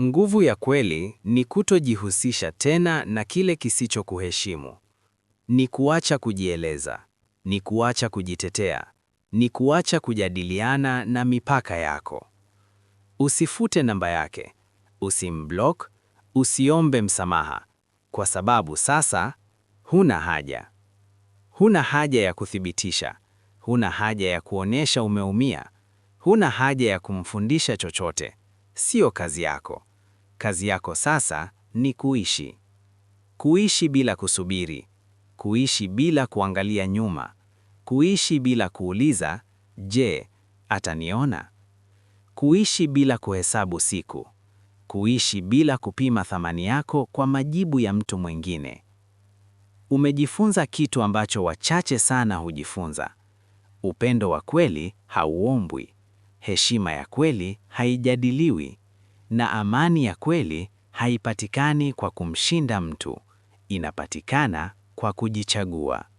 Nguvu ya kweli ni kutojihusisha tena na kile kisichokuheshimu. Ni kuacha kujieleza, ni kuacha kujitetea, ni kuacha kujadiliana na mipaka yako. Usifute namba yake, usimblock, usiombe msamaha, kwa sababu sasa huna haja. Huna haja ya kuthibitisha, huna haja ya kuonesha umeumia, huna haja ya kumfundisha chochote sio kazi yako. Kazi yako sasa ni kuishi, kuishi bila kusubiri, kuishi bila kuangalia nyuma, kuishi bila kuuliza je, ataniona, kuishi bila kuhesabu siku, kuishi bila kupima thamani yako kwa majibu ya mtu mwingine. Umejifunza kitu ambacho wachache sana hujifunza: upendo wa kweli hauombwi, heshima ya kweli haijadiliwi na amani ya kweli haipatikani kwa kumshinda mtu, inapatikana kwa kujichagua.